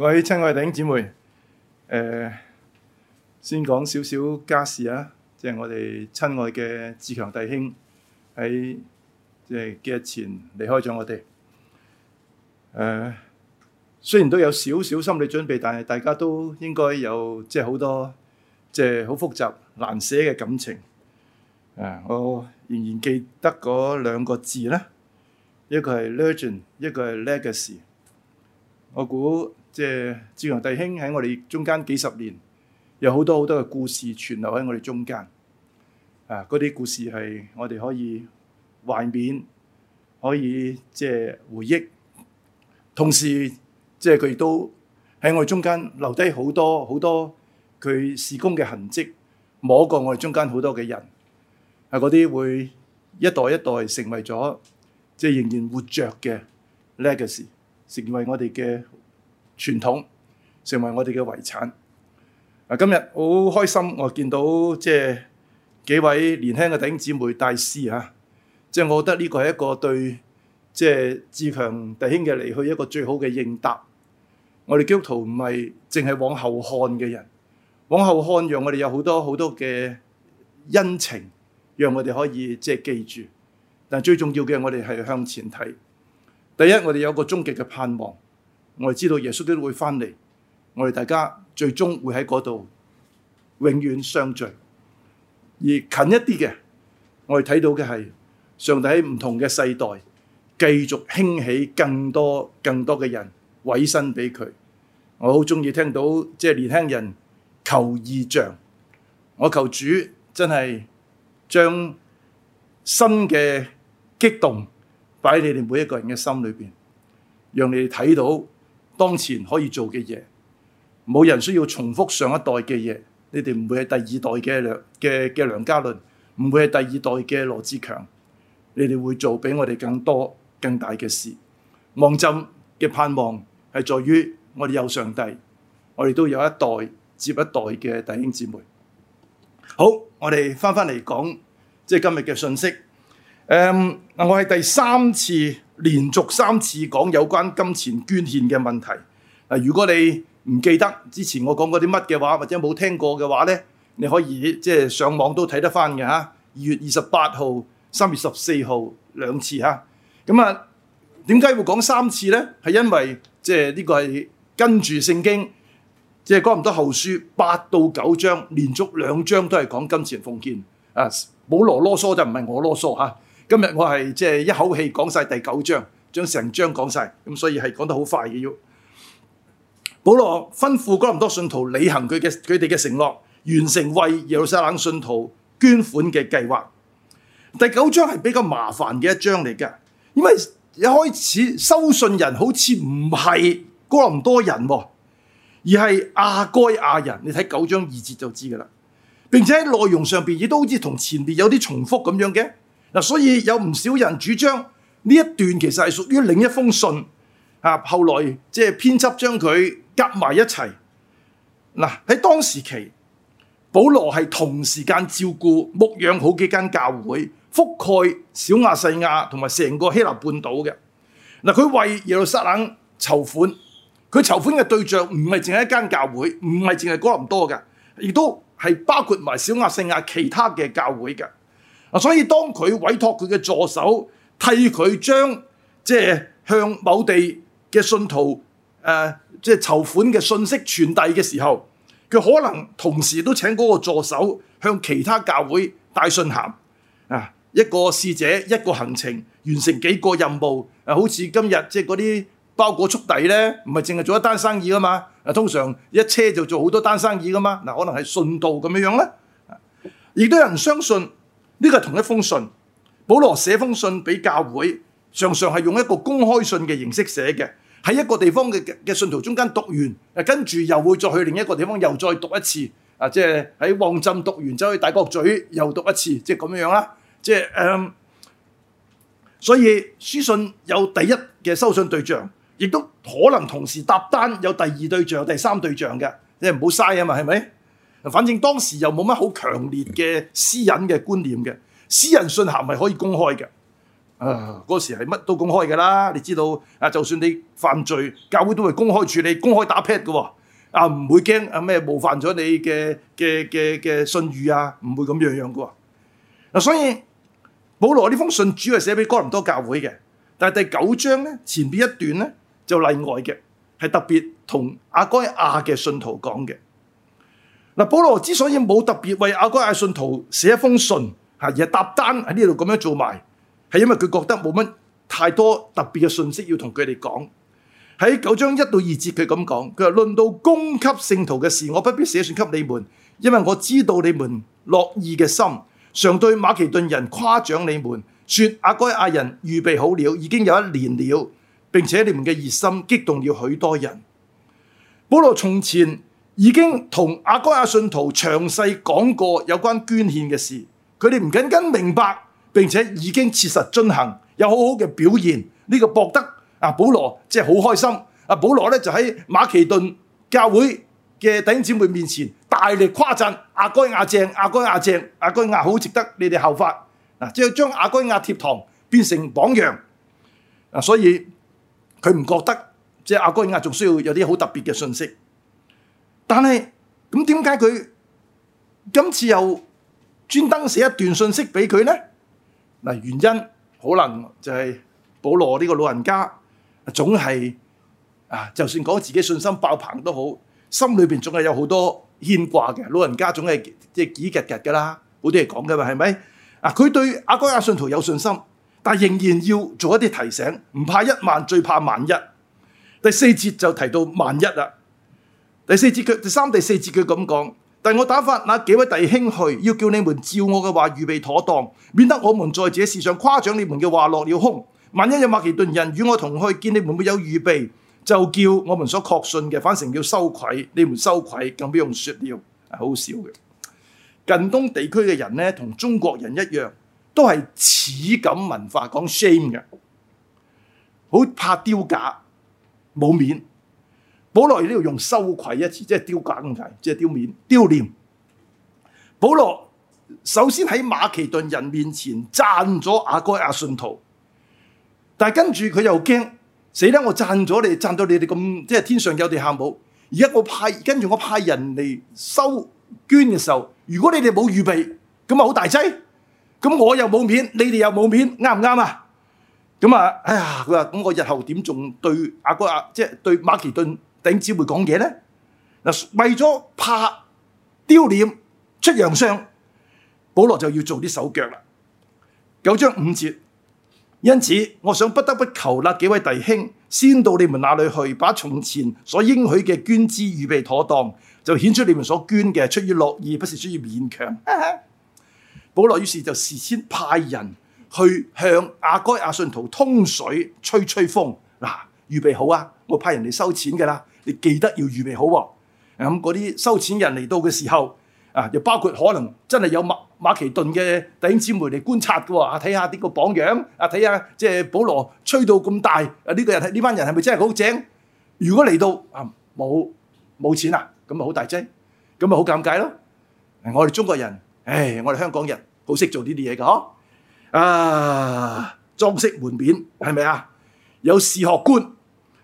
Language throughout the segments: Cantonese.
各位親愛頂姊妹，誒，先講少少家事啊，即係我哋親愛嘅志強弟兄喺即係幾日前離開咗我哋。誒，雖然都有少少心理準備，但係大家都應該有即係好多即係好複雜難寫嘅感情。誒，我仍然記得嗰兩個字咧，一個係 legend，一個係 legacy。我估。即係志揚弟兄喺我哋中間幾十年，有好多好多嘅故事存留喺我哋中間啊，嗰啲故事係我哋可以懷緬，可以即係回憶，同時即係佢亦都喺我哋中間留低好多好多佢事工嘅痕跡，摸過我哋中間好多嘅人，係嗰啲會一代一代成為咗，即係仍然活着嘅 legacy，成為我哋嘅。傳統成為我哋嘅遺產。啊，今日好開心，我見到即係幾位年輕嘅弟兄姊妹帶詩嚇、啊，即係我覺得呢個係一個對即係志強弟兄嘅離去一個最好嘅應答。我哋基督徒唔係淨係往後看嘅人，往後看讓我哋有好多好多嘅恩情，讓我哋可以即係記住。但最重要嘅我哋係向前睇。第一，我哋有個終極嘅盼望。我哋知道耶穌都會翻嚟，我哋大家最終會喺嗰度永遠相聚。而近一啲嘅，我哋睇到嘅係上帝喺唔同嘅世代繼續興起更多更多嘅人，委身俾佢。我好中意聽到即係年輕人求異象，我求主真係將新嘅激動擺喺你哋每一個人嘅心裏邊，讓你哋睇到。當前可以做嘅嘢，冇人需要重複上一代嘅嘢。你哋唔會係第二代嘅梁嘅嘅梁家麟，唔會係第二代嘅羅志強。你哋會做比我哋更多、更大嘅事。望朕嘅盼望係在於我哋有上帝，我哋都有一代接一代嘅弟兄姊妹。好，我哋翻翻嚟講，即係今日嘅信息。誒、嗯，我係第三次。連續三次講有關金錢捐獻嘅問題。嗱、啊，如果你唔記得之前我講過啲乜嘅話，或者冇聽過嘅話咧，你可以即係、就是、上網都睇得返嘅嚇。二月二十八號、三月十四號兩次嚇。咁啊，點解會講三次咧？係因為即係呢個係跟住聖經，即係哥林多後書八到九章，連續兩章都係講金錢奉獻。啊，保羅囉嗦就唔係我囉嗦嚇。啊今日我係即係一口氣講晒第九章，將成章講晒，咁所以係講得好快嘅。要保羅吩咐哥林多信徒履行佢嘅佢哋嘅承諾，完成為耶路撒冷信徒捐款嘅計劃。第九章係比較麻煩嘅一章嚟嘅，因為一開始收信人好似唔係哥林多人，而係亞該亞人。你睇九章二節就知噶啦，並且內容上邊亦都好似同前面有啲重複咁樣嘅。所以有唔少人主張呢一段其實係屬於另一封信，後、啊、後來即係編輯將佢夾埋一齊、啊。在喺當時期，保羅係同時間照顧牧養好幾間教會，覆蓋小亞細亞同埋成個希臘半島嘅。嗱、啊，佢為耶路撒冷籌款，佢籌款嘅對象唔係淨係一間教會，唔係淨係哥林多嘅，亦都係包括埋小亞細亞其他嘅教會嘅。所以當佢委託佢嘅助手替佢將即係向某地嘅信徒誒，呃、籌款嘅信息傳遞嘅時候，佢可能同時都請嗰個助手向其他教會帶信函、啊、一個使者，一個行程完成幾個任務、啊、好似今日即係嗰啲包裹速遞呢，唔係淨係做一單生意吖嘛、啊，通常一車就做好多單生意㗎嘛，啊、可能係順道咁樣樣啦，亦都有人相信。呢個係同一封信，保羅寫封信俾教會，常常係用一個公開信嘅形式寫嘅，喺一個地方嘅嘅信徒中間讀完，跟住又會再去另一個地方又再讀一次，啊，即係喺旺浸讀完走去大角咀又讀一次，即係咁樣啦，即係誒、嗯，所以書信有第一嘅收信對象，亦都可能同時搭單有第二對象、有第三對象嘅，你唔好嘥啊嘛，係咪？反正當時又冇乜好強烈嘅私隱嘅觀念嘅，私人信函係可以公開嘅。啊，嗰時係乜都公開㗎啦，你知道啊，就算你犯罪，教會都會公開處理，公開打 pad 嘅。啊，唔會驚啊咩冒犯咗你嘅嘅嘅嘅信譽啊，唔會咁樣樣嘅。嗱，所以保羅呢封信主要係寫俾哥林多教會嘅，但係第九章咧前邊一段咧就例外嘅，係特別同亞該亞嘅信徒講嘅。保羅之所以冇特別為亞該亞信徒寫一封信，吓而係搭單喺呢度咁樣做埋，係因為佢覺得冇乜太多特別嘅信息要同佢哋講。喺九章一到二節佢咁講，佢話論到供給聖徒嘅事，我不必寫信給你們，因為我知道你們樂意嘅心，常對馬其頓人誇獎你們，說亞該亞人預備好了，已經有一年了，並且你們嘅熱心激動了許多人。保羅從前。已經同亞該亞信徒詳細講過有關捐獻嘅事，佢哋唔僅僅明白並且已經切實進行，有好好嘅表現。呢、這個博得阿、啊、保羅即係好開心。阿、啊、保羅咧就喺馬其頓教會嘅弟兄姊妹面前大力誇讚亞該亞正，亞該亞正，亞該亞好值得你哋效法。嗱，即係將亞該亞貼堂變成榜樣。嗱，所以佢唔覺得即係亞該亞仲需要有啲好特別嘅信息。但係咁，點解佢今次又專登寫一段信息俾佢咧？嗱，原因可能就係保羅呢個老人家總係啊，就算講自己信心爆棚都好，心裏邊總係有好多牽掛嘅。老人家總係即係幾夾夾噶啦，好多嘢講噶嘛，係咪？啊，佢對阿哥阿信徒有信心，但係仍然要做一啲提醒，唔怕一萬，最怕萬一。第四節就提到萬一啦。第四節句，第三第四節句咁講，但係我打發那幾位弟兄去，要叫你們照我嘅話預備妥當，免得我們在自己事上誇獎你們嘅話落了空。萬一有馬其頓人與我同去，見你們沒有預備，就叫我們所確信嘅反成叫羞愧。你們羞愧，更不用說了，好少嘅。近東地區嘅人呢，同中國人一樣，都係恥感文化，講 shame 嘅，好怕丟架、冇面。保羅喺呢度用羞愧一詞，即係丟假咁解，即係丟面、丟臉。保羅首先喺馬其頓人面前讚咗阿哥阿信徒，但係跟住佢又怕死啦，我讚咗你，讚到你哋咁，即天上有地下冇。而家我派跟住我派人嚟收捐嘅時候，如果你哋冇預備，咁好大劑，咁我又冇面，你哋又冇面，啱唔啱啊？咁啊，哎呀，佢話咁我日後點仲對阿哥即係對馬其頓？點只會講嘢呢，嗱，為咗怕丟臉出洋相，保羅就要做啲手腳啦。九章五節，因此我想不得不求那幾位弟兄先到你們那裏去，把從前所應許嘅捐資預備妥當，就顯出你們所捐嘅出於樂意，不是出於勉強。保羅於是就事先派人去向亞該亞信徒通水吹吹風，嗱、啊，預備好啊，我派人嚟收錢噶啦。你記得要預備好喎，咁嗰啲收錢人嚟到嘅時候，啊，又包括可能真係有馬馬其頓嘅弟兄姊妹嚟觀察㗎喎，啊，睇下呢個榜樣，啊，睇下即係保羅吹到咁大，啊呢個呢班人係咪真係好正？如果嚟到啊冇冇錢啊，咁咪好大劑，咁咪好尷尬咯。我哋中國人，唉，我哋香港人好識做呢啲嘢嘅呵，啊，裝飾門面係咪啊？有視學官，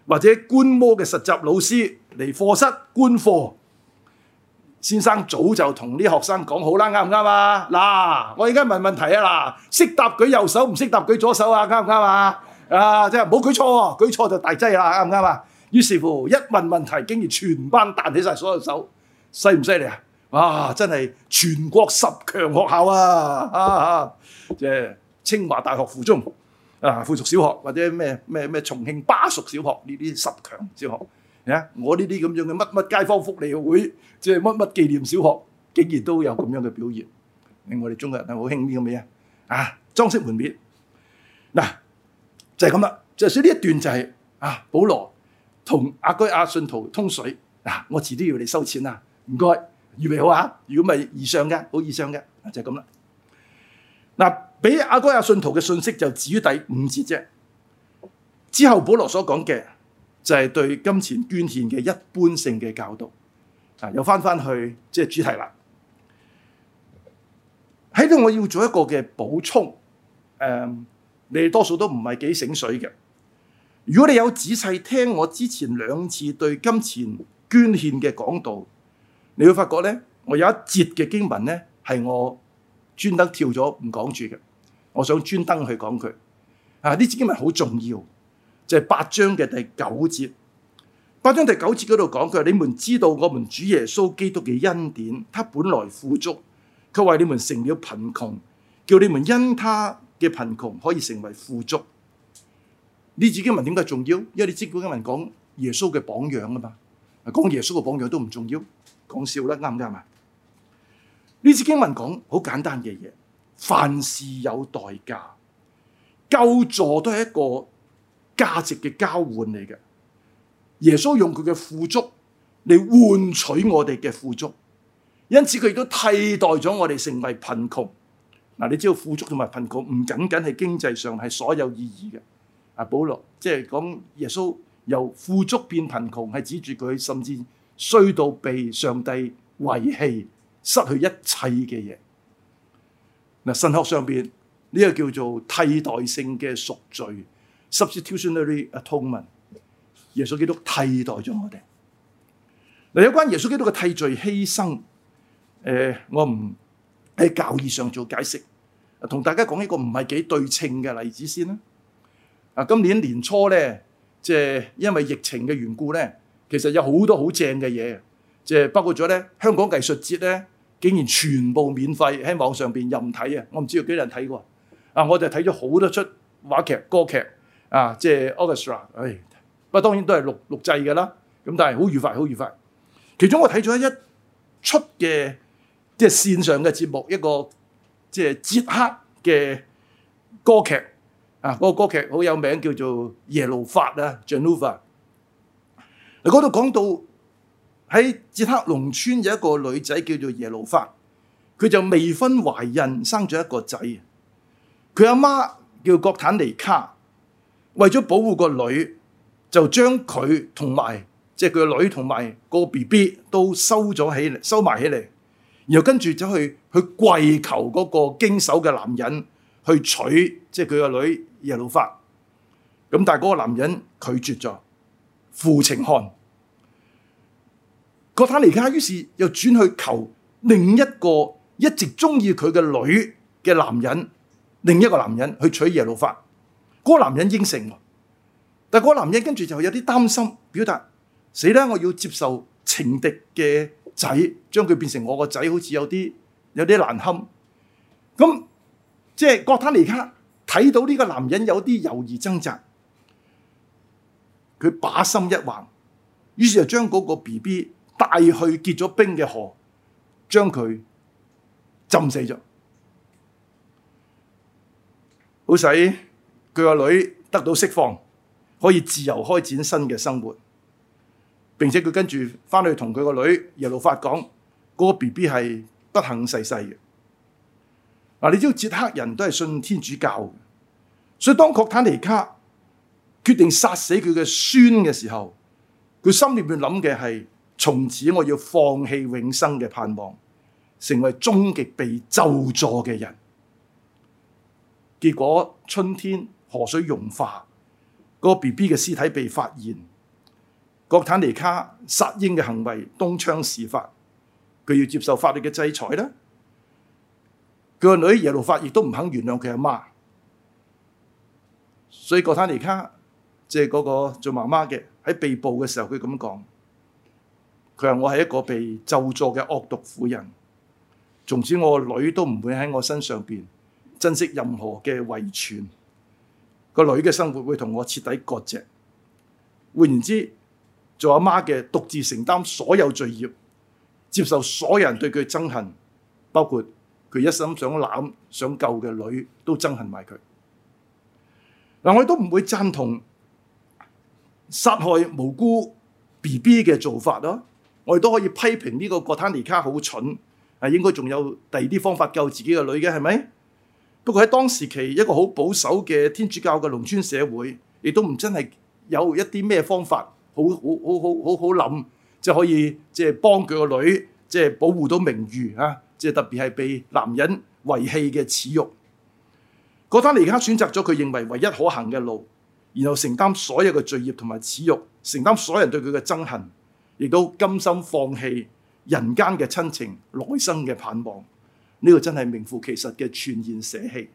或者觀摩嘅實習老師嚟課室觀課，先生早就同啲學生講好啦，啱唔啱啊？嗱，我而家問問題啊嗱，識答舉右手，唔識答舉左手啊？啱唔啱啊？啊，即係冇舉錯喎，舉錯就大劑啦，啱唔啱啊？於是乎一問問題，竟然全班彈起曬所有手，犀唔犀利啊？哇！真係全國十強學校啊！啊啊，即係清華大學附中。啊，附屬小學或者咩咩咩，重慶巴蜀小學呢啲十強小學，啊，我呢啲咁樣嘅乜乜街坊福利會，即係乜乜紀念小學，竟然都有咁樣嘅表現，令我哋中國人係好興呢個嘢，啊，裝飾門面，嗱就係咁啦，就是、所以呢一段就係、是、啊，保羅同亞居亞信徒通水，嗱、啊，我遲啲要你收錢啦，唔該，預備好、就是、啊，如果唔係以上嘅，好以上嘅，就係咁啦，嗱。俾亞該亞信徒嘅信息就止於第五節啫，之後保羅所講嘅就係對金錢捐獻嘅一般性嘅教導又回去，啊，又翻翻去即係主題啦。喺度我要做一個嘅補充，誒、嗯，你哋多數都唔係幾醒水嘅。如果你有仔細聽我之前兩次對金錢捐獻嘅講道，你會發覺咧，我有一節嘅經文咧係我專登跳咗唔講住嘅。我想專登去講佢，啊呢節經文好重要，就係八章嘅第九節。八章第九節嗰度講佢，你們知道我們主耶穌基督嘅恩典，他本來富足，佢為你們成了貧窮，叫你們因他嘅貧窮可以成為富足。呢節經文點解重要？因為你知古經文講耶穌嘅榜樣啊嘛，講耶穌嘅榜樣都唔重要，講笑啦，啱唔啱嘛？呢節經文講好簡單嘅嘢。凡事有代價，救助都係一個價值嘅交換嚟嘅。耶穌用佢嘅富足嚟換取我哋嘅富足，因此佢亦都替代咗我哋成為貧窮。嗱，你知道富足同埋貧窮唔僅僅係經濟上，係所有意義嘅。阿保羅即係講耶穌由富足變貧窮，係指住佢甚至衰到被上帝遺棄、失去一切嘅嘢。嗱，神學上邊呢個叫做替代性嘅贖罪 （substitutionary atonement），耶穌基督替代咗我哋。嗱，有關耶穌基督嘅替罪犧牲，誒，我唔喺教義上做解釋，同大家講一個唔係幾對稱嘅例子先啦。啊，今年年初咧，即係因為疫情嘅緣故咧，其實有好多好正嘅嘢，即係包括咗咧香港藝術節咧。竟然全部免費喺網上邊任睇啊！我唔知有幾多人睇過啊！我就睇咗好多出話劇、歌劇啊，即係 orchestra、哎。不過當然都係錄錄製嘅啦。咁但係好愉快，好愉快。其中我睇咗一出嘅即係線上嘅節目，一個即係捷克嘅歌劇啊，嗰、嗰個歌劇好有名，叫做《耶路法》啊，《Jenufa》。嗱，嗰度講到。喺捷克農村有一個女仔叫做耶路法，佢就未婚懷孕生咗一個仔，佢阿媽叫國坦尼卡，為咗保護個女，就將佢同埋即係佢個女同埋個 B B 都收咗起嚟收埋起嚟，然後跟住走去去跪求嗰個經手嘅男人去娶即係佢個女耶路法，咁但係嗰個男人拒絕咗，負情漢。葛塔尼卡於是又轉去求另一個一直中意佢嘅女嘅男人，另一個男人去娶耶路法。嗰個男人應承，但係嗰個男人跟住就有啲擔心，表達死啦，我要接受情敵嘅仔，將佢變成我個仔，好似有啲有啲難堪。咁即係葛塔尼卡睇到呢個男人有啲猶豫掙扎，佢把心一橫，於是就將嗰個 B B。帶去結咗冰嘅河，將佢浸死咗，好使佢個女得到釋放，可以自由開展新嘅生活。並且佢跟住翻去同佢個女耶路法講：嗰、那個 BB 係不幸逝世嘅。嗱，你知道捷克人都係信天主教，所以當柯坦尼卡決定殺死佢嘅孫嘅時候，佢心裏面諗嘅係。從此我要放棄永生嘅盼望，成為終極被咒詛嘅人。結果春天河水融化，嗰個 B B 嘅屍體被發現。國坦尼卡殺嬰嘅行為，東窗事發，佢要接受法律嘅制裁啦。佢個女耶路法亦都唔肯原諒佢阿媽，所以國坦尼卡即係嗰個做媽媽嘅喺被捕嘅時候，他這說，佢咁講。佢話：我係一個被咒詛嘅惡毒婦人，從此我個女都唔會喺我身上邊珍惜任何嘅遺傳，個女嘅生活會同我徹底割席。換言之，做阿媽嘅獨自承擔所有罪業，接受所有人對佢憎恨，包括佢一心想攬想救嘅女都憎恨埋佢。嗱，我亦都唔會讚同殺害無辜 B B 嘅做法咯。我哋都可以批評呢個葛塔尼卡好蠢啊！應該仲有第二啲方法救自己個女嘅，係咪？不過喺當時期，一個好保守嘅天主教嘅農村社會，亦都唔真係有一啲咩方法好好好好好好諗，即係可以即係幫佢個女，即係保護到名譽，啊！即係特別係被男人遺棄嘅恥辱。葛塔尼卡選擇咗佢認為唯一可行嘅路，然後承擔所有嘅罪孽同埋恥辱，承擔所有人對佢嘅憎恨。亦都甘心放棄人間嘅親情、來生嘅盼望，呢個真係名副其實嘅全然捨棄。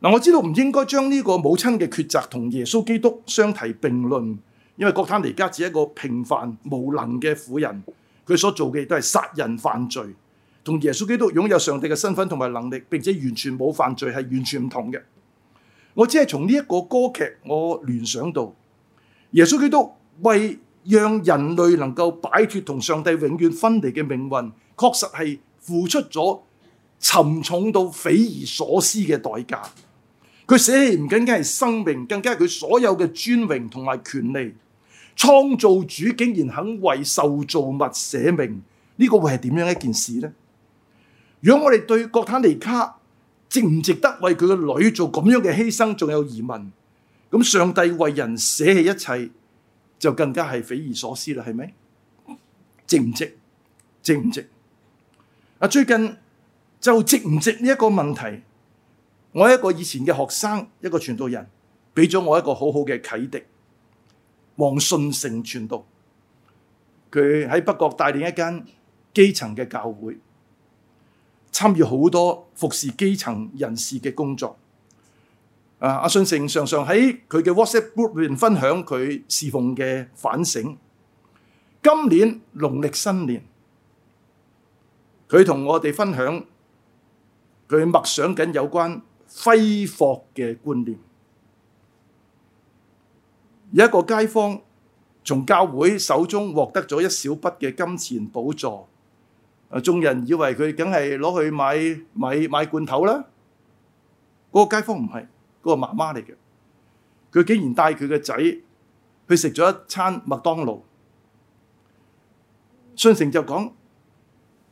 嗱，我知道唔應該將呢個母親嘅抉擇同耶穌基督相提並論，因為國貪尼家只係一個平凡無能嘅婦人，佢所做嘅都係殺人犯罪，同耶穌基督擁有上帝嘅身份同埋能力並且完全冇犯罪係完全唔同嘅。我只係從呢一個歌劇，我聯想到耶穌基督為。讓人類能夠擺脫同上帝永遠分離嘅命運，確實係付出咗沉重到匪夷所思嘅代價。佢捨棄唔僅僅係生命，更加係佢所有嘅尊榮同埋權利。創造主竟然肯為受造物捨命，呢、這個會係點樣一件事呢？如果我哋對國坦尼卡值唔值得為佢嘅女做咁樣嘅犧牲，仲有疑問，咁上帝為人捨棄一切。就更加係匪夷所思啦，係咪？值唔值？值唔值？啊，最近就值唔值呢一個問題？我一個以前嘅學生，一個傳道人，俾咗我一個好好嘅啟迪。王順成傳道，佢喺北角帶領一間基層嘅教會，參與好多服侍基層人士嘅工作。啊！阿信成常常喺佢嘅 WhatsApp group 入面分享佢侍奉嘅反省。今年農曆新年，佢同我哋分享佢默想緊有關揮霍嘅觀念。有一個街坊從教會手中獲得咗一小筆嘅金錢補助，啊！眾人以為佢梗係攞去買買買罐頭啦，嗰個街坊唔係。嗰、那個媽媽嚟嘅，佢竟然帶佢嘅仔去食咗一餐麥當勞。信成就講，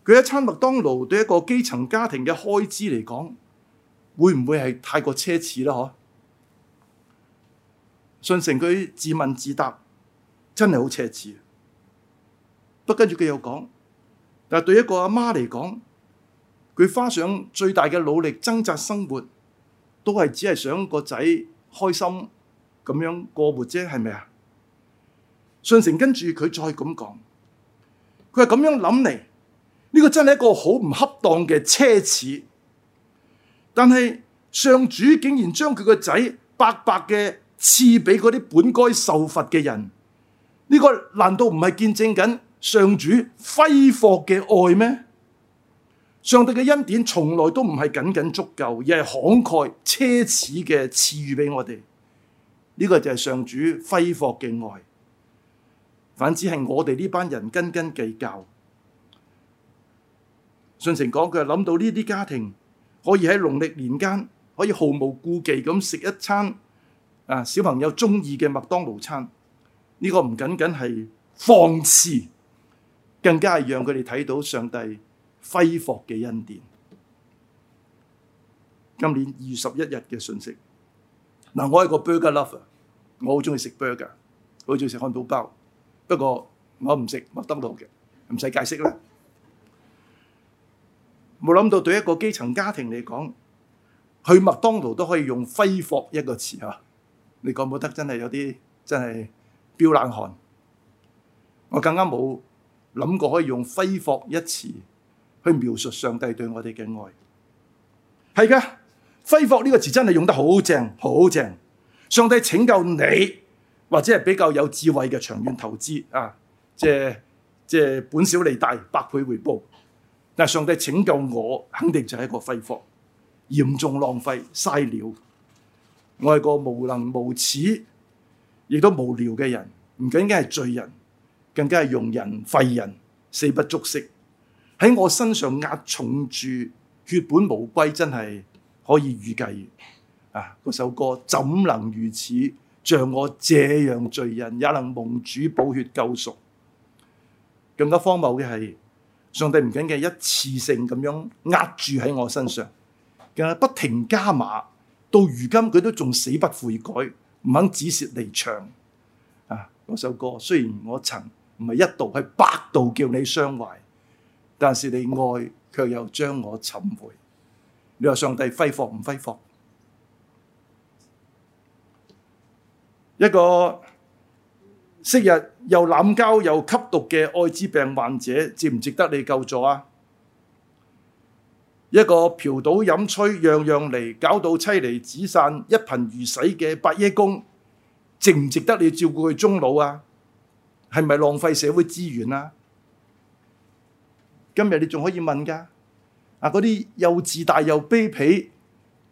佢一餐麥當勞對一個基層家庭嘅開支嚟講，會唔會係太過奢侈啦？嗬？信成佢自問自答，真係好奢侈。不跟住佢又講，但對一個阿媽嚟講，佢花上最大嘅努力掙扎生活。都係只係想個仔開心咁樣過活啫，係咪啊？信成跟住佢再咁講，佢係咁樣諗嚟，呢個真係一個好唔恰當嘅奢侈。但係上主竟然將佢個仔白白嘅賜俾嗰啲本該受罰嘅人，呢個難道唔係見證緊上主揮霍嘅愛咩？上帝嘅恩典從來都唔係僅僅足夠，而係慷慨奢侈嘅賜予俾我哋。呢個就係上主揮霍嘅愛，反之係我哋呢班人斤斤計較。信成講佢諗到呢啲家庭可以喺農曆年間可以毫無顧忌咁食一餐啊，小朋友中意嘅麥當勞餐，呢個唔僅僅係放肆，更加係讓佢哋睇到上帝。揮霍嘅恩典，今年二十一日嘅信息。嗱，我係個 burger lover，我好中意食 burger，好中意食漢堡包。不過我唔食麥當勞嘅，唔使解釋啦。冇諗到對一個基層家庭嚟講，去麥當勞都可以用揮霍一個詞吖，你覺唔覺得？真係有啲真係飆冷汗，我更加冇諗過可以用揮霍一詞。去描述上帝對我哋嘅愛。是的，係嘅，揮霍呢個詞真係用得好正，好正。上帝拯救你，或者係比較有智慧嘅長遠投資啊，即係即係本小利大，百倍回報。但上帝拯救我，肯定就係一個揮霍，嚴重浪費，嘥料。我係個無能無恥，亦都無聊嘅人，唔僅僅係罪人，更加係庸人廢人，死不足惜。喺我身上壓重住，血本無歸，真係可以預計。啊，嗰首歌怎能如此？像我這樣罪人，也能蒙主寶血救贖。更加荒謬嘅係，上帝唔僅係一次性咁樣壓住喺我身上，更係不停加碼，到如今佢都仲死不悔改，唔肯止蝕離場。啊，嗰首歌雖然我曾唔係一度，係百度叫你傷懷。但是你愛卻又將我尋回，你話上帝揮霍唔揮霍？一個昔日又濫交又吸毒嘅艾滋病患者，值唔值得你救助啊？一個嫖賭飲吹，樣樣嚟，搞到妻離子散、一貧如洗嘅八爺公，值唔值得你照顧佢終老啊？係咪浪費社會資源啊？今日你仲可以問噶啊？嗰啲又自大又卑鄙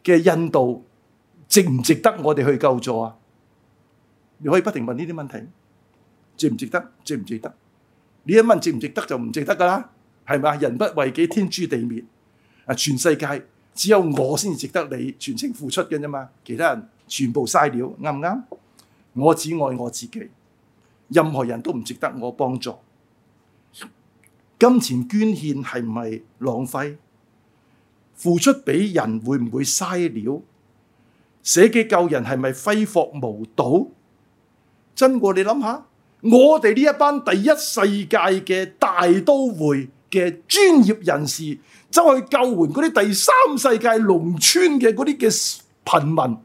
嘅印度，值唔值得我哋去救助啊？你可以不停問呢啲問題，值唔值得？值唔值得？你一問值唔值得就唔值得噶啦，係咪？人不為己，天誅地滅啊！全世界只有我先至值得你全程付出嘅啫嘛，其他人全部嘥料，啱唔啱？我只愛我自己，任何人都唔值得我幫助。金錢捐獻係咪浪費？付出俾人會唔會嘥料？捨己救人係咪揮霍無度？真過你諗下，我哋呢一班第一世界嘅大都會嘅專業人士，走去救援嗰啲第三世界農村嘅嗰啲嘅貧民，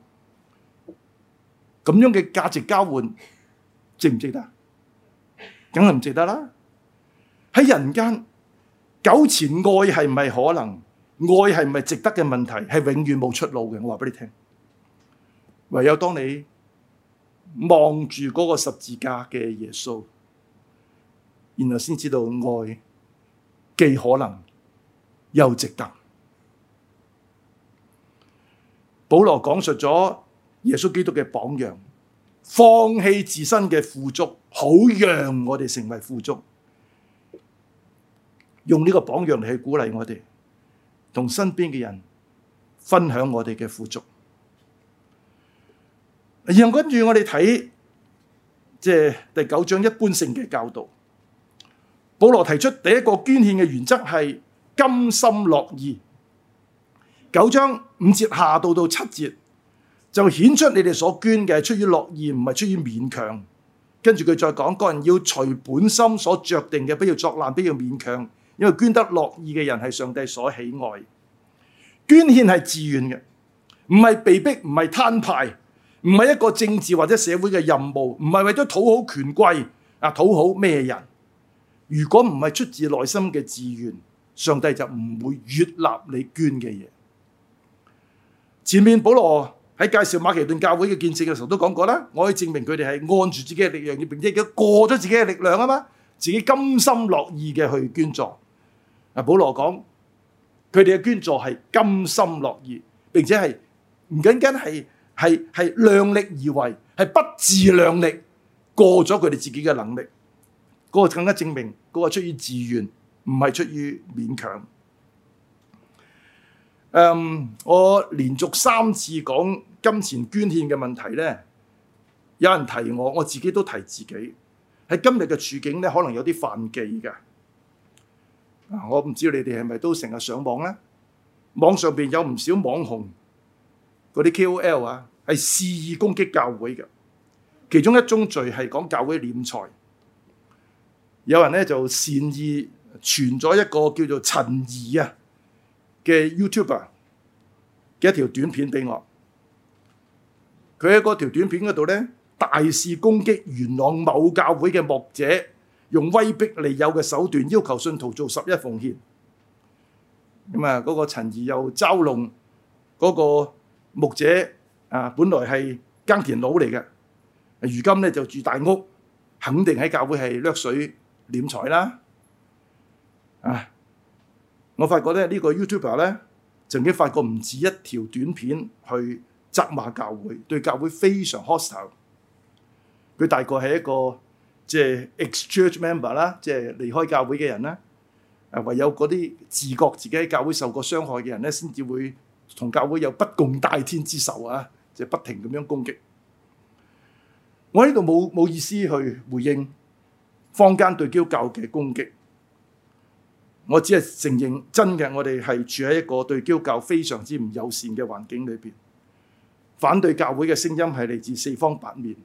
咁樣嘅價值交換值唔值得？梗係唔值得啦！喺人間糾纏愛係唔係可能？愛係唔係值得嘅問題係永遠冇出路嘅。我話俾你聽，唯有當你望住嗰個十字架嘅耶穌，然後先知道愛既可能又值得。保羅講述咗耶穌基督嘅榜樣，放棄自身嘅富足，好讓我哋成為富足。用呢個榜樣嚟去鼓勵我哋，同身邊嘅人分享我哋嘅富足。咁跟住我哋睇，即係第九章一般性嘅教導。保羅提出第一個捐獻嘅原則係甘心樂意。九章五節下到到七節就顯出你哋所捐嘅出於樂意，唔係出於勉強。跟住佢再講，各人要隨本心所酌定嘅，不要作難，不要勉強。因為捐得樂意嘅人係上帝所喜愛，捐獻係自願嘅，唔係被逼，唔係攤派，唔係一個政治或者社會嘅任務，唔係爲咗討好權貴啊，討好咩人？如果唔係出自內心嘅自願，上帝就唔會悅納你捐嘅嘢。前面保羅喺介紹馬其頓教會嘅建設嘅時候都講過啦，我可以證明佢哋係按住自己嘅力量，並且佢過咗自己嘅力量啊嘛，自己甘心樂意嘅去捐助。啊，保羅講佢哋嘅捐助係甘心樂意，並且係唔僅僅係係係量力而為，係不自量力過咗佢哋自己嘅能力。嗰個更加證明嗰個出於自願，唔係出於勉強。誒、嗯，我連續三次講金錢捐獻嘅問題咧，有人提我，我自己都提自己喺今日嘅處境咧，可能有啲犯忌嘅。我唔知道你哋係咪都成日上網呢？網上邊有唔少網紅嗰啲 KOL 啊，係肆意攻擊教會嘅。其中一宗罪係講教會斂財。有人咧就善意傳咗一個叫做陳怡啊嘅 YouTuber 嘅一條短片俾我。佢喺嗰條短片嗰度咧，大肆攻擊元朗某教會嘅牧者。用威逼利誘嘅手段要求信徒做十一奉獻，咁啊嗰個陳儀又嘲弄嗰個牧者啊，本來係耕田佬嚟嘅，如今咧就住大屋，肯定喺教會係掠水斂財啦。啊，我發覺咧呢個 YouTuber 咧，曾經發覺唔止一條短片去責罵教會，對教會非常 hostile。佢大概係一個。即係 exchange member 啦，即係離開教會嘅人啦。唯有嗰啲自覺自己喺教會受過傷害嘅人咧，先至會同教會有不共戴天之仇啊！即係不停咁樣攻擊。我喺度冇冇意思去回應坊間對基督教嘅攻擊。我只係承認真嘅，我哋係處喺一個對基督教非常之唔友善嘅環境裏邊。反對教會嘅聲音係嚟自四方八面。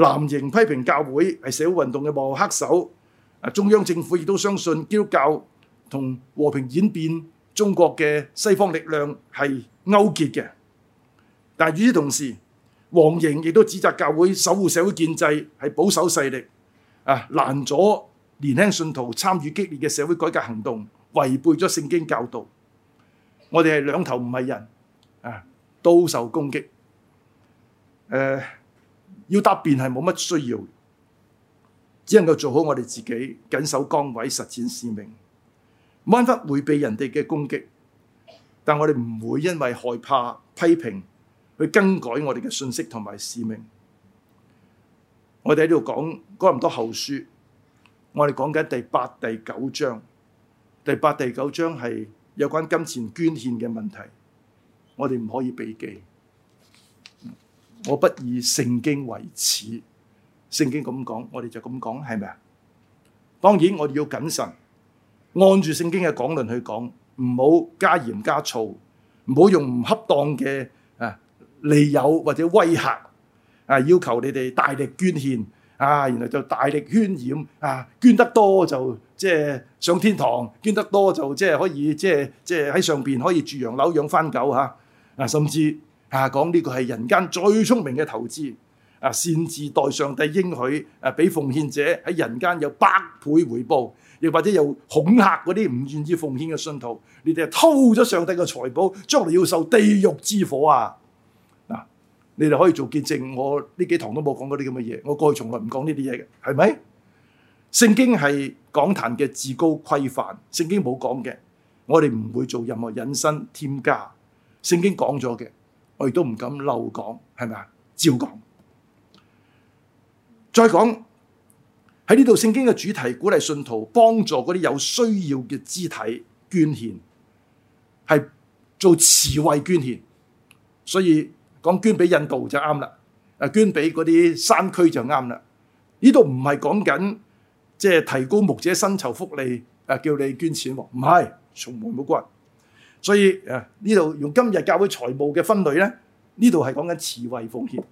藍營批評教會係社會運動嘅幕後黑手，啊，中央政府亦都相信基督教同和平演變中國嘅西方力量係勾結嘅。但係與此同時，黃營亦都指責教會守護社會建制係保守勢力，啊，攔阻年輕信徒參與激烈嘅社會改革行動，違背咗聖經教導。我哋係兩頭唔係人，啊，都受攻擊。誒。要答辯係冇乜需要，只能夠做好我哋自己，緊守崗位，實踐使命，冇辦法回避人哋嘅攻擊。但我哋唔會因為害怕批評，去更改我哋嘅信息同埋使命。我哋喺度講哥林多後書，我哋講緊第八、第九章。第八、第九章係有關金錢捐獻嘅問題，我哋唔可以避忌。我不以聖經為恥，聖經咁講，我哋就咁講，係咪啊？當然我哋要謹慎，按住聖經嘅講論去講，唔好加鹽加醋，唔好用唔恰當嘅啊利誘或者威嚇啊，要求你哋大力捐獻啊，然後就大力渲染啊，捐得多就即係上天堂，捐得多就即係可以即係即係喺上邊可以住洋樓養番狗嚇啊，甚至。啊！講呢個係人間最聰明嘅投資啊！擅自代上帝應許啊，俾奉獻者喺人間有百倍回報，亦或者有恐嚇嗰啲唔願意奉獻嘅信徒，你哋偷咗上帝嘅財寶，將來要受地獄之火啊！嗱、啊，你哋可以做見證，我呢幾堂都冇講過啲咁嘅嘢，我過去從來唔講呢啲嘢嘅，係咪？聖經係講壇嘅至高規範，聖經冇講嘅，我哋唔會做任何引申添加。聖經講咗嘅。佢都唔敢漏講，係咪啊？照講，再講。喺呢度聖經嘅主題，鼓勵信徒幫助嗰啲有需要嘅肢體捐獻，係做慈惠捐獻。所以講捐俾印度就啱啦，啊捐俾嗰啲山區就啱啦。呢度唔係講緊即係提高牧者薪酬福利啊，叫你捐錢，唔係，從來冇關。所以啊，呢度用今日教會財務嘅分類咧，呢度係講緊慈惠奉獻，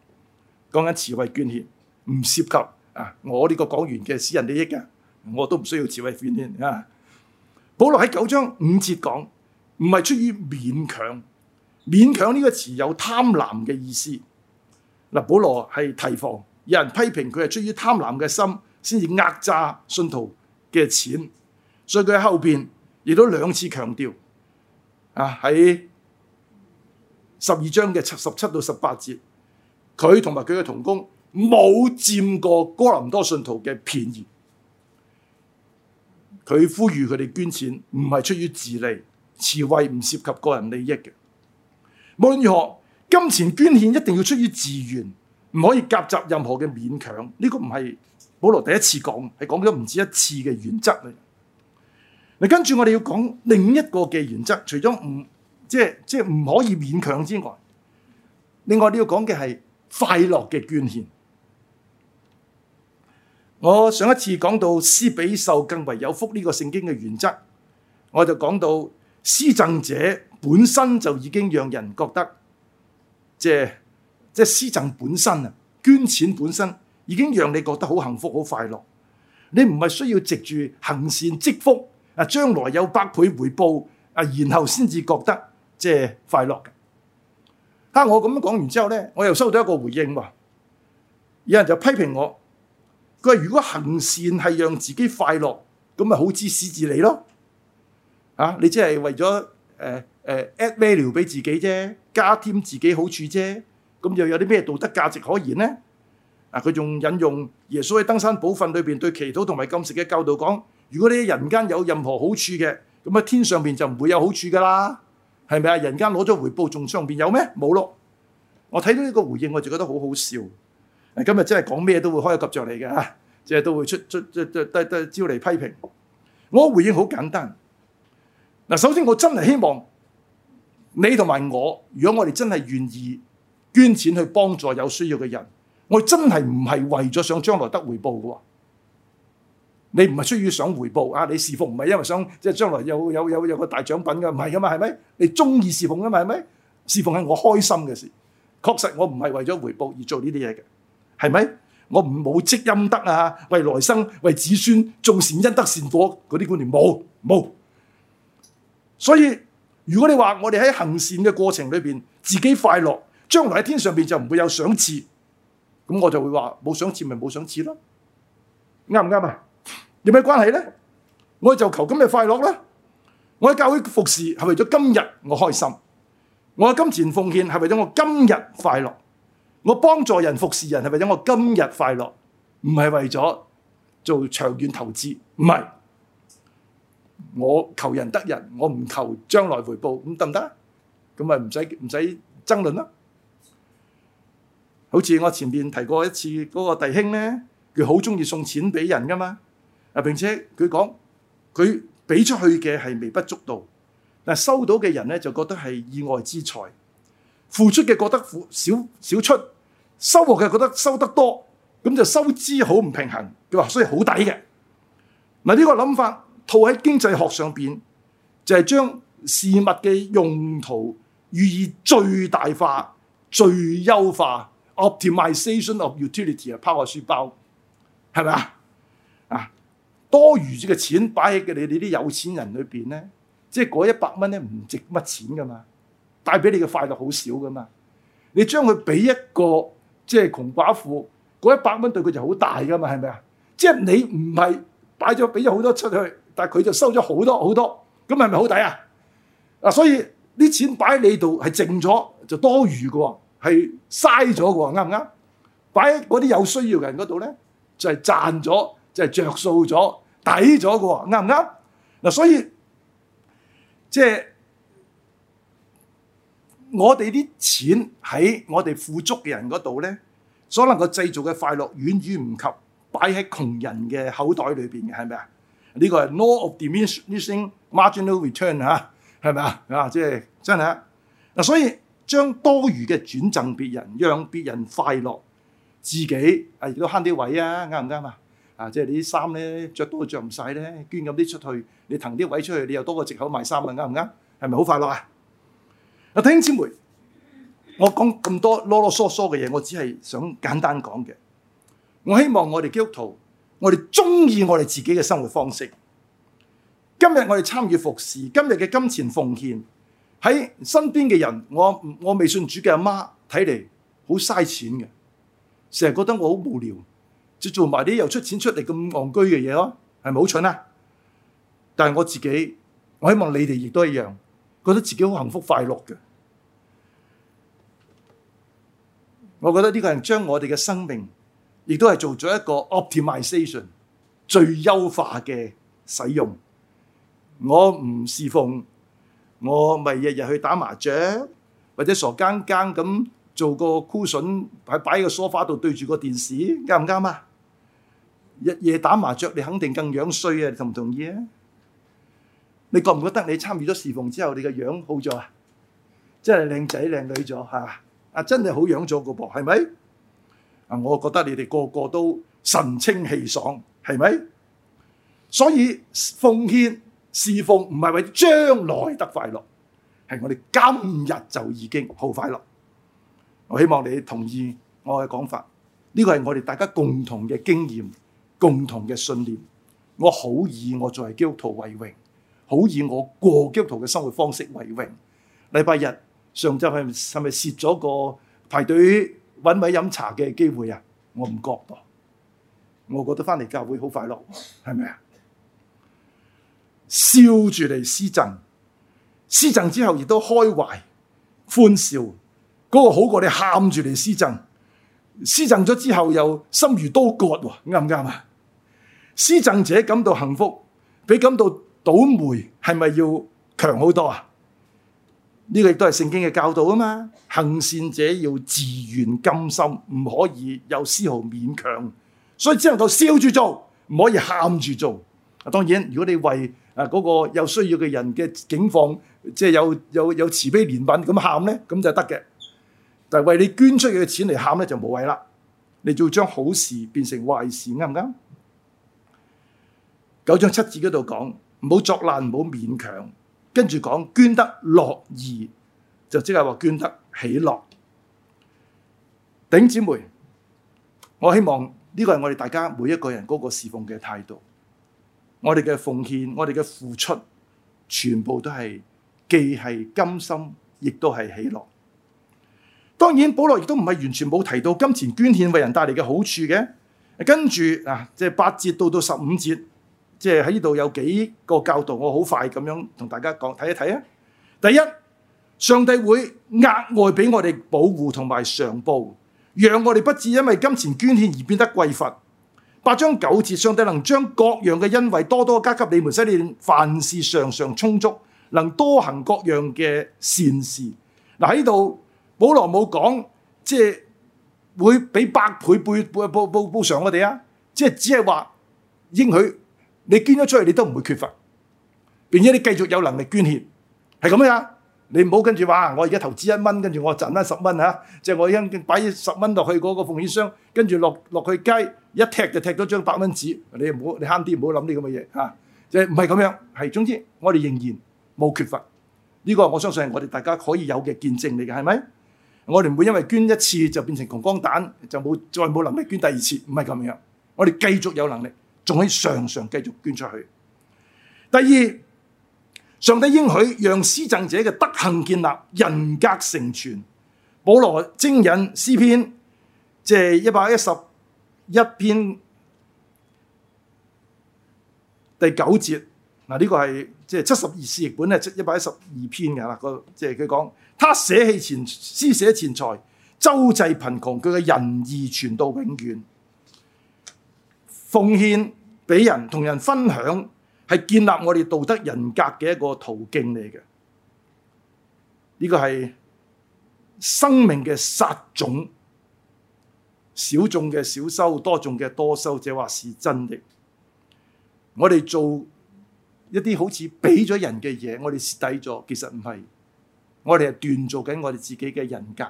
講緊慈惠捐獻，唔涉及啊我呢個講員嘅私人利益嘅，我都唔需要慈惠捐獻啊。保羅喺九章五節講，唔係出於勉強，勉強呢個詞有貪婪嘅意思。嗱，保羅係提防，有人批評佢係出於貪婪嘅心，先至壓榨信徒嘅錢，所以佢喺後邊亦都兩次強調。啊！喺十二章嘅十七到十八節，佢同埋佢嘅同工冇佔過哥林多信徒嘅便宜。佢呼籲佢哋捐錢，唔係出於自利、慈惠，唔涉及個人利益嘅。無論如何，金錢捐獻一定要出於自願，唔可以夾雜任何嘅勉強。呢、這個唔係保羅第一次講，係講咗唔止一次嘅原則嚟。跟住我哋要講另一個嘅原則，除咗唔即係即係唔可以勉強之外，另外你要講嘅係快樂嘅捐獻。我上一次講到施比受更為有福呢個聖經嘅原則，我就講到施贈者本身就已經讓人覺得即係即係施贈本身啊，捐錢本身已經讓你覺得好幸福、好快樂。你唔係需要藉住行善積福，啊！將來有百倍回報啊，然後先至覺得即係快樂嘅。啊！我咁樣講完之後呢，我又收到一個回應，有人就批評我，佢話：如果行善係讓自己快樂，咁咪好自私自利咯？啊！你即係為咗誒誒 add value 俾自己啫，加添自己好處啫，咁又有啲咩道德價值可言咧？啊！佢仲引用耶穌喺登山寶訓裏邊對祈禱同埋禁食嘅教導講。如果你喺人間有任何好處嘅，咁啊天上邊就唔會有好處噶啦，係咪啊？人間攞咗回報，仲上邊有咩？冇咯。我睇到呢個回應，我就覺得好好笑。今日真係講咩都會開個夾着嚟嘅吓，即係都會出出出招嚟批評。我回應好簡單。嗱，首先我真係希望你同埋我，如果我哋真係願意捐錢去幫助有需要嘅人，我真係唔係為咗想將來得回報嘅。你唔係出於想回報啊？你侍奉唔係因為想即係將來有有有有個大獎品㗎，唔係噶嘛，係咪？你鍾意侍奉噶嘛，係咪？侍奉係我開心嘅事，確實我唔係為咗回報而做呢啲嘢嘅，係咪？我唔冇積陰德啊，為來生、為子孫做善因得善果嗰啲觀念冇冇。所以如果你話我哋喺行善嘅過程裏邊自己快樂，將來喺天上邊就唔會有賞賜，咁我就會話冇賞賜咪冇賞賜咯，啱唔啱啊？有咩關係呢？我係就求今日快樂啦！我喺教會服侍係為咗今日我開心，我嘅金錢奉獻係為咗我今日快樂，我幫助人服侍人係為咗我今日快樂，唔係為咗做長遠投資，唔係我求人得人，我唔求將來回報，咁得唔得？咁咪唔使唔使爭論咯。好似我前面提過一次嗰個弟兄呢，佢好中意送錢俾人噶嘛。啊！並且佢講，佢俾出去嘅係微不足道，但收到嘅人咧就覺得係意外之財，付出嘅覺得少少出，收穫嘅覺得收得多，咁就收支好唔平衡。佢話所以好抵嘅。嗱、這、呢個諗法套喺經濟學上邊，就係、是、將事物嘅用途予以最大化、最優化 （optimization of utility） 啊，拋下書包係咪啊？啊！多餘嘅錢擺喺你哋啲有錢人裏邊呢，即係嗰一百蚊咧唔值乜錢噶嘛，帶俾你嘅快樂好少噶嘛。你將佢俾一個即係、就是、窮寡婦，嗰一百蚊對佢就好大噶嘛，係咪啊？即、就、係、是、你唔係擺咗俾咗好多出去，但係佢就收咗好多好多，咁係咪好抵啊？嗱，所以啲錢擺喺你度係剩咗就多餘嘅喎，係嘥咗喎，啱唔啱？擺喺嗰啲有需要嘅人嗰度呢，就係、是、賺咗。就係着數咗，抵咗嘅，啱唔啱？嗱，所以即係、就是、我哋啲錢喺我哋富足嘅人嗰度咧，所能夠製造嘅快樂遠遠唔及擺喺窮人嘅口袋裏邊嘅，係咪啊？呢、這個係 law of diminishing marginal return 嚇，係咪啊？啊，即係真係啊！嗱，所以將多餘嘅轉贈別人，讓別人快樂，自己啊亦都慳啲位啊，啱唔啱啊？啊！即係啲衫咧，着都着唔晒咧，捐咁啲出去，你騰啲位出去，你又多個藉口買衫啊，啱唔啱？係咪好快樂啊？阿弟兄姊妹，我講咁多囉囉嗦嗦嘅嘢，我只係想簡單講嘅。我希望我哋基督徒，我哋中意我哋自己嘅生活方式。今日我哋參與服侍，今日嘅金錢奉獻，喺身邊嘅人，我我未信主嘅阿媽睇嚟好嘥錢嘅，成日覺得我好無聊。就做埋啲又出錢出嚟咁昂居嘅嘢咯，係咪好蠢啊？但係我自己，我希望你哋亦都一樣，覺得自己好幸福快樂嘅。我覺得呢個人將我哋嘅生命，亦都係做咗一個 optimization 最優化嘅使用。我唔侍奉，我咪日日去打麻雀，或者傻更更咁做個 cushion 擺喺個梳化度對住個電視，啱唔啱啊？日夜打麻雀，你肯定更樣衰啊！你同唔同意啊？你覺唔覺得你參與咗侍奉之後，你嘅樣好咗啊？真係靚仔靚女咗嚇啊！真係好樣咗個噃，係咪啊？我覺得你哋個個都神清氣爽，係咪？所以奉獻侍奉唔係為將來得快樂，係我哋今日就已經好快樂。我希望你同意我嘅講法，呢個係我哋大家共同嘅經驗。共同嘅信念，我好以我作為基督徒為榮，好以我過基督徒嘅生活方式為榮。禮拜日上晝係咪蝕咗個排隊搵位飲茶嘅機會啊？我唔覺噃，我覺得翻嚟教會好快樂，係咪啊？笑住嚟施贈，施贈之後亦都開懷歡笑，嗰個好過你喊住嚟施贈，施贈咗之後又心如刀割，啱唔啱啊？施贈者感到幸福，比感到倒霉係咪要強好多啊？呢、這個亦都係聖經嘅教導啊嘛！行善者要自願甘心，唔可以有絲毫勉強，所以只能夠笑住做，唔可以喊住做。當然，如果你為嗰個有需要嘅人嘅境況，即、就、係、是、有有有慈悲憐憫咁喊呢，咁就得嘅。但係為你捐出去嘅錢嚟喊呢，就冇謂啦。你就要將好事變成壞事，啱唔啱？有一張七字嗰度講，唔好作難，唔好勉強。跟住講捐得樂意，就即係話捐得喜樂。頂姊妹，我希望呢個係我哋大家每一個人嗰個侍奉嘅態度。我哋嘅奉獻，我哋嘅付出，全部都係既係甘心，亦都係喜樂。當然保羅亦都唔係完全冇提到金錢捐獻為人帶嚟嘅好處嘅。跟住啊，即係八節到到十五節。即係喺呢度有幾個教導，我好快咁樣同大家講，睇一睇啊！第一，上帝會額外俾我哋保護同埋上報，讓我哋不至因為金錢捐獻而變得匱乏。八章九節，上帝能將各樣嘅恩惠多多加給你們，使你凡事常常充足，能多行各樣嘅善事。嗱，喺度，保羅冇講即係會俾百倍倍報報報償我哋啊！即係只係話應許。你捐咗出去，你都唔會缺乏，並且你繼續有能力捐獻，係咁樣啊。你唔好跟住話，我而家投資一蚊，跟住我賺翻十蚊嚇，即係我已經擺十蚊落去嗰個奉獻箱，跟住落落去街一踢就踢咗張百蚊紙。你唔好你慳啲，唔好諗啲咁嘅嘢嚇。即係唔係咁樣？係總之我哋仍然冇缺乏呢個，我相信係我哋大家可以有嘅見證嚟嘅，係咪？我哋唔會因為捐一次就變成窮光蛋，就冇再冇能力捐第二次，唔係咁樣。我哋繼續有能力。仲可以常常繼續捐出去。第二，上帝應許讓施贈者嘅德行建立人格成全。保羅精引詩篇，即係一百一十一篇第九節。嗱，呢個係即係七十士譯本咧，七一百一十二篇嘅啦。即係佢講，他捨棄捨前施捨錢財，周濟貧窮，佢嘅仁義傳到永遠，奉獻。俾人同人分享，係建立我哋道德人格嘅一個途徑嚟嘅。呢個係生命嘅殺種，少種嘅少收，多種嘅多收，這話是真的。我哋做一啲好似俾咗人嘅嘢，我哋蝕底咗，其實唔係。我哋係鍛造緊我哋自己嘅人格，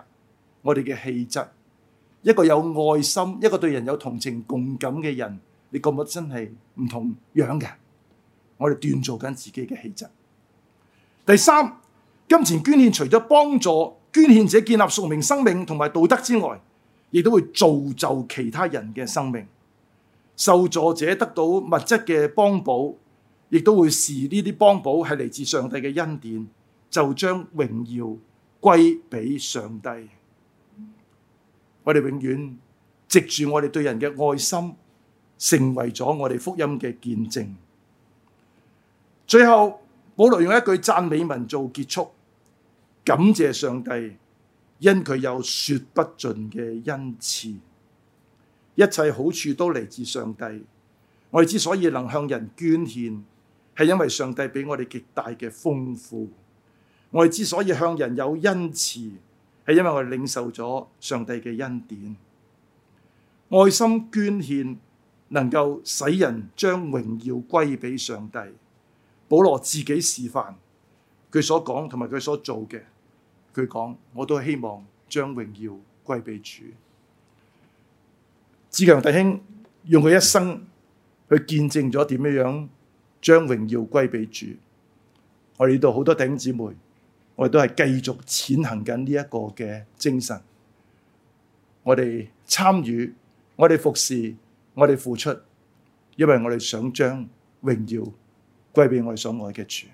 我哋嘅氣質。一個有愛心，一個對人有同情共感嘅人。你覺唔覺真係唔同樣嘅？我哋鍛造緊自己嘅氣質。第三，金錢捐獻除咗幫助捐獻者建立屬靈生命同埋道德之外，亦都會造就其他人嘅生命。受助者得到物質嘅幫補，亦都會視呢啲幫補係嚟自上帝嘅恩典，就將榮耀歸俾上帝。我哋永遠藉住我哋對人嘅愛心。成為咗我哋福音嘅見證。最後，保羅用一句讚美文做結束，感謝上帝，因佢有說不盡嘅恩賜，一切好處都嚟自上帝。我哋之所以能向人捐獻，係因為上帝俾我哋極大嘅豐富。我哋之所以向人有恩賜，係因為我哋領受咗上帝嘅恩典，愛心捐獻。能夠使人將榮耀歸俾上帝。保羅自己示範佢所講同埋佢所做嘅，佢講，我都希望將榮耀歸俾主。志強弟兄用佢一生去見證咗點樣樣將榮耀歸俾主。我哋呢度好多弟兄姊妹，我哋都係繼續踐行緊呢一個嘅精神，我哋參與，我哋服侍。我哋付出，因為我哋想將榮耀歸俾我哋所愛嘅主。